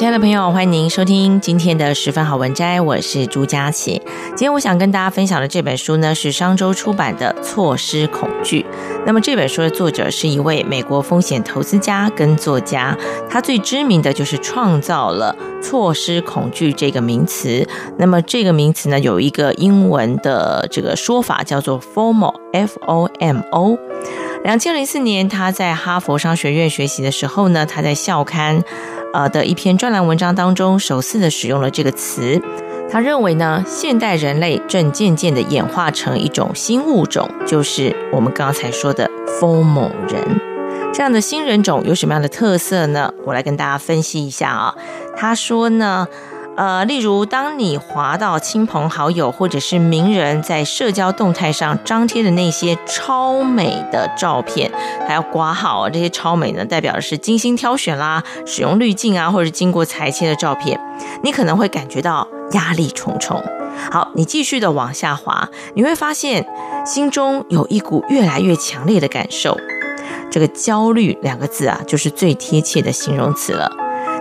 親愛的朋友，歡迎您收聽今天的十分好文摘，我是朱佳琪。今天我想跟大家分享的這本書呢，是商周出版的《錯失恐懼》。那麼這本書的作者是一位美國風險投資家跟作家，他最知名的就是創造了“錯失恐懼”這個名詞。那麼這個名詞呢，有一個英文的這個說法叫做 “FOMO”。F O M O。兩千零四年，他在哈佛商學院學習的時候呢，他在校刊。呃的一篇專欄文章當中首次的使用了這個詞，他認為呢，現代人類正漸漸的演化成一種新物種，就是我們剛才說的風某人。這樣的新人種有什麼樣的特色呢？我來跟大家分析一下啊、哦，他說呢。呃，例如，當你滑到親朋好友或者是名人在社交動態上張貼的那些超美的照片，還要括號，這些超美呢，代表的是精心挑選啦、啊、使用濾鏡啊，或者是經過裁切的照片，你可能會感覺到壓力重重。好，你繼續的往下滑，你會發現心中有一股越來越強烈的感受，這個焦慮兩個字啊，就是最貼切的形容詞了。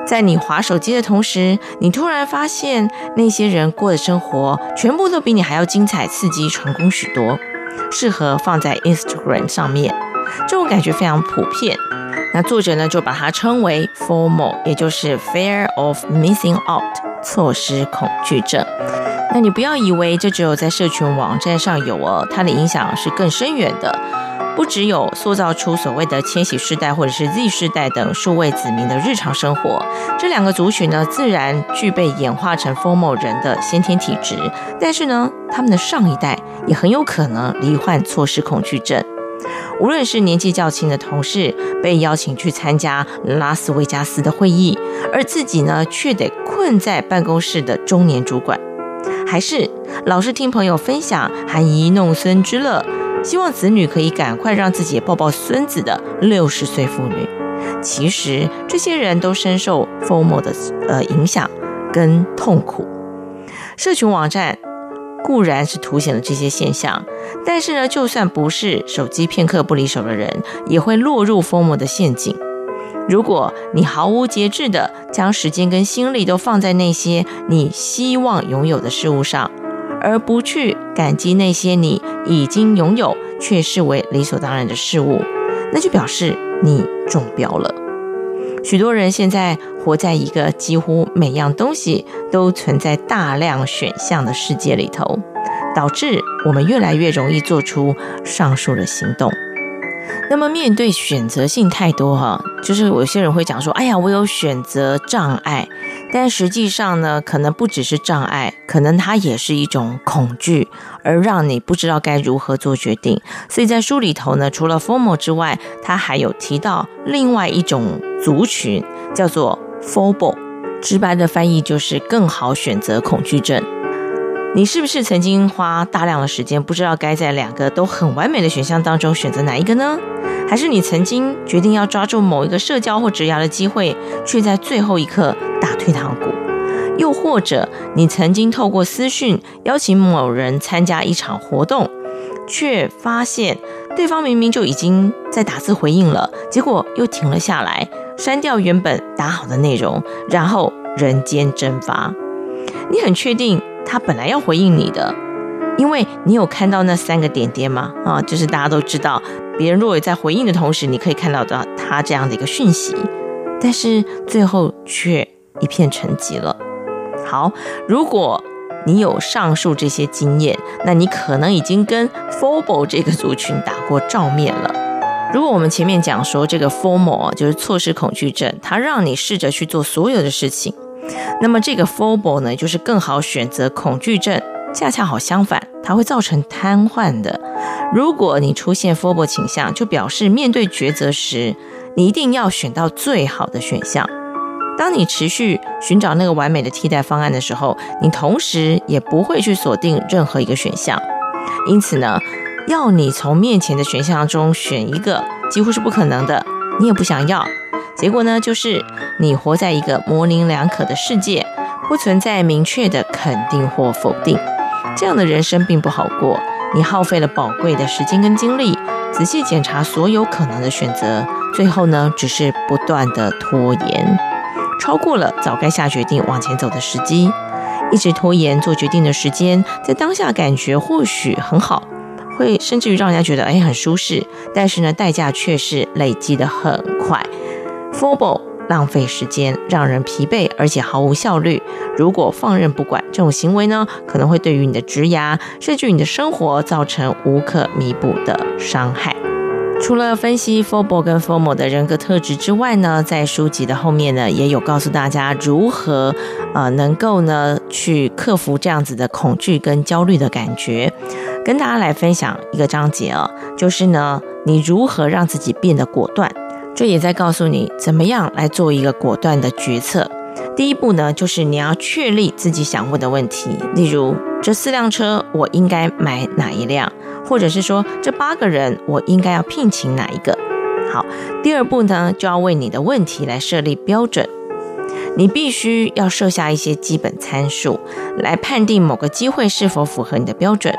在你滑手機的同時，你突然發現那些人過的生活全部都比你還要精彩、刺激、成功許多，適合放在 Instagram 上面。這種感覺非常普遍。那作者呢，就把它稱為 FOMO，也就是 Fear of Missing Out，錯失恐懼症。那你不要以為這只有在社群網站上有哦，它的影響是更深遠的。不只有塑造出所謂的千禧世代或者是 Z 世代等數位子民的日常生活，這兩個族群呢，自然具備演化成 FOMO 人的先天體質，但是呢，他們的上一代也很有可能罹患錯失恐懼症。無論是年紀較輕的同事被邀請去參加拉斯維加斯的會議，而自己呢卻得困在辦公室的中年主管，還是老是聽朋友分享含飴弄孫之樂，希望子女可以趕快讓自己抱抱孫子的六十歲婦女，其實這些人都深受 FOMO 的呃影響跟痛苦。社群網站固然是凸顯了這些現象，但是呢，就算不是手機片刻不離手的人，也會落入 FOMO 的陷阱。如果你毫無節制地將時間跟心力都放在那些你希望擁有的事物上，而不去感激那些你已經擁有卻視為理所當然的事物，那就表示你中標了。許多人現在活在一個幾乎每樣東西都存在大量選項的世界裡頭，導致我們越來越容易做出上述的行動。那麼面對選擇性太多哈，就是有些人會講說：“哎呀，我有選擇障礙。”但實際上呢，可能不只是障礙，可能它也是一種恐懼，而讓你不知道該如何做決定。所以在書裡頭呢，除了 FOMO 之外，它還有提到另外一種族群，叫做 FOBO，直白的翻譯就是“更好選擇恐懼症”。你是不是曾經花大量的時間，不知道該在兩個都很完美的選項當中選擇哪一個呢？還是你曾經決定要抓住某一個社交或職涯的機會，卻在最後一刻打退堂鼓？又或者你曾經透過私訊邀請某人參加一場活動，卻發現對方明明就已經在打字回應了，結果又停了下來，刪掉原本打好的內容，然後人間蒸發？你很確定？他本來要回應你的，因為你有看到那三個點點嗎？啊，就是大家都知道，別人若也在回應的同時，你可以看到的他這樣的一個訊息，但是最後卻一片沉寂了。好，如果你有上述這些經驗，那你可能已經跟 FOBO 這個族群打過照面了。如果我們前面講說這個 FOMO 就是錯失恐懼症，它讓你試着去做所有的事情。那麼這個 FOBO 呢，就是更好選擇恐懼症，恰恰好相反，它會造成癱瘓的。如果你出現 FOBO 傾向，就表示面對抉擇時，你一定要選到最好的選項。當你持續尋找那個完美的替代方案的時候，你同時也不會去鎖定任何一個選項。因此呢，要你從面前的選項中選一個，幾乎是不可能的，你也不想要。結果呢，就是你活在一個模棱兩可的世界，不存在明確的肯定或否定。這樣的人生並不好過，你耗費了寶貴的時間跟精力，仔細檢查所有可能的選擇，最後呢，只是不斷的拖延，超過了早該下決定往前走的時機。一直拖延做決定的時間，在當下感覺或許很好，會甚至於讓人家覺得哎很舒適，但是呢，代價卻是累積得很快。FOBO 浪費時間，讓人疲憊，而且毫無效率。如果放任不管，這種行為呢，可能會對於你的職涯，甚至於你的生活造成無可彌補的傷害。除了分析 FOBO 跟 FOMO 的人格特質之外呢，在書籍的後面呢，也有告訴大家如何呃，能夠呢去克服這樣子的恐懼跟焦慮的感覺。跟大家來分享一個章節啊、哦，就是呢，你如何讓自己變得果斷。這也在告訴你怎麼樣來做一個果斷的決策。第一步呢，就是你要確立自己想問的問題，例如這四輛車我應該買哪一輛？或者是說這八個人我應該要聘請哪一個？好，第二步呢，就要為你的問題來設立標準，你必須要設下一些基本參數來判定某個機會是否符合你的標準。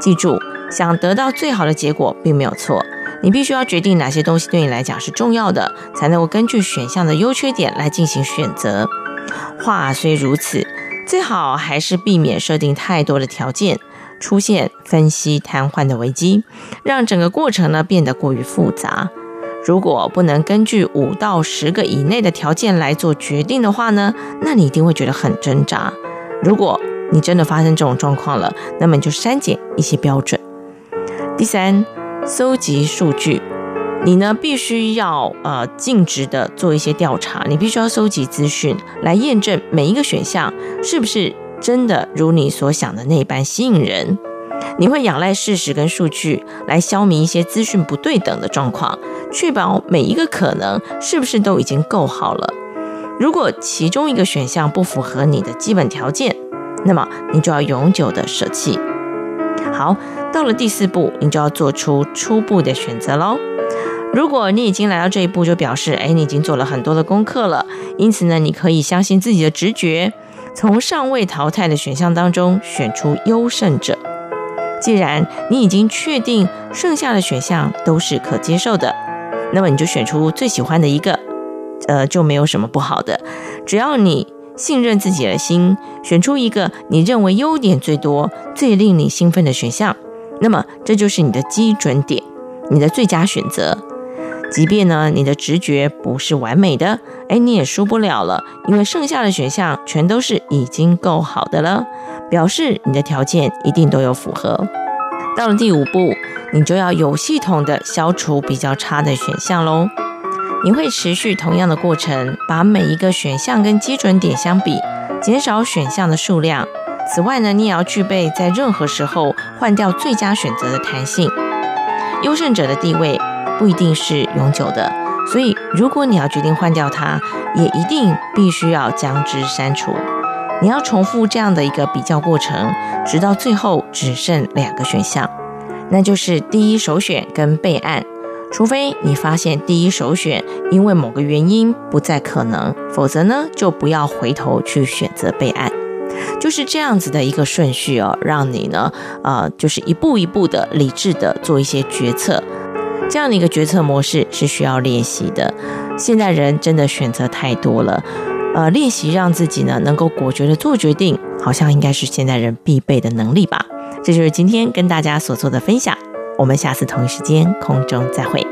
記住，想得到最好的結果並沒有錯。你必須要決定哪些東西對你來講是重要的，才能夠根據選項的優缺點來進行選擇。話雖如此，最好還是避免設定太多的條件，出現分析癱瘓的危機，讓整個過程呢變得過於複雜。如果不能根據五到十個以內的條件來做決定的話呢，那你一定會覺得很掙扎。如果你真的發生這種狀況了，那麼你就刪減一些標準。第三。蒐集數據，你呢必須要呃盡職的做一些調查，你必須要蒐集資訊來驗證每一個選項是不是真的如你所想的那般吸引人。你會仰賴事實跟數據來消弭一些資訊不對等的狀況，確保每一個可能是不是都已經夠好了。如果其中一個選項不符合你的基本條件，那麼你就要永久的捨棄。好。到了第四步，你就要做出初步的選擇咯。如果你已經來到這一步，就表示，哎，你已經做了很多的功課了。因此呢，你可以相信自己的直覺，從尚未淘汰的選項當中選出優勝者。既然你已經確定剩下的選項都是可接受的，那麼你就選出最喜歡的一個，呃，就沒有什麼不好的。只要你信任自己的心，選出一個你認為優點最多、最令你興奮的選項。那麼這就是你的基準點，你的最佳選擇。即便呢，你的直覺不是完美的，哎，你也輸不了了，因為剩下的選項全都是已經夠好的了，表示你的條件一定都有符合。到了第五步，你就要有系統的消除比較差的選項嘍。你會持續同樣的過程，把每一個選項跟基準點相比，減少選項的數量。此外呢，你也要具備在任何時候換掉最佳選擇的彈性。優勝者的地位不一定是永久的，所以如果你要決定換掉它，也一定必須要將之刪除。你要重複這樣的一個比較過程，直到最後只剩兩個選項，那就是第一首選跟備案。除非你發現第一首選因為某個原因不再可能，否則呢，就不要回頭去選擇備案。就是這樣子的一個順序哦，讓你呢，啊、呃，就是一步一步的理智的做一些決策。這樣的一個決策模式是需要練習的。現在人真的選擇太多了，呃，練習讓自己呢，能夠果決的做決定，好像應該是現代人必備的能力吧。這就是今天跟大家所做的分享，我們下次同一時間空中再會。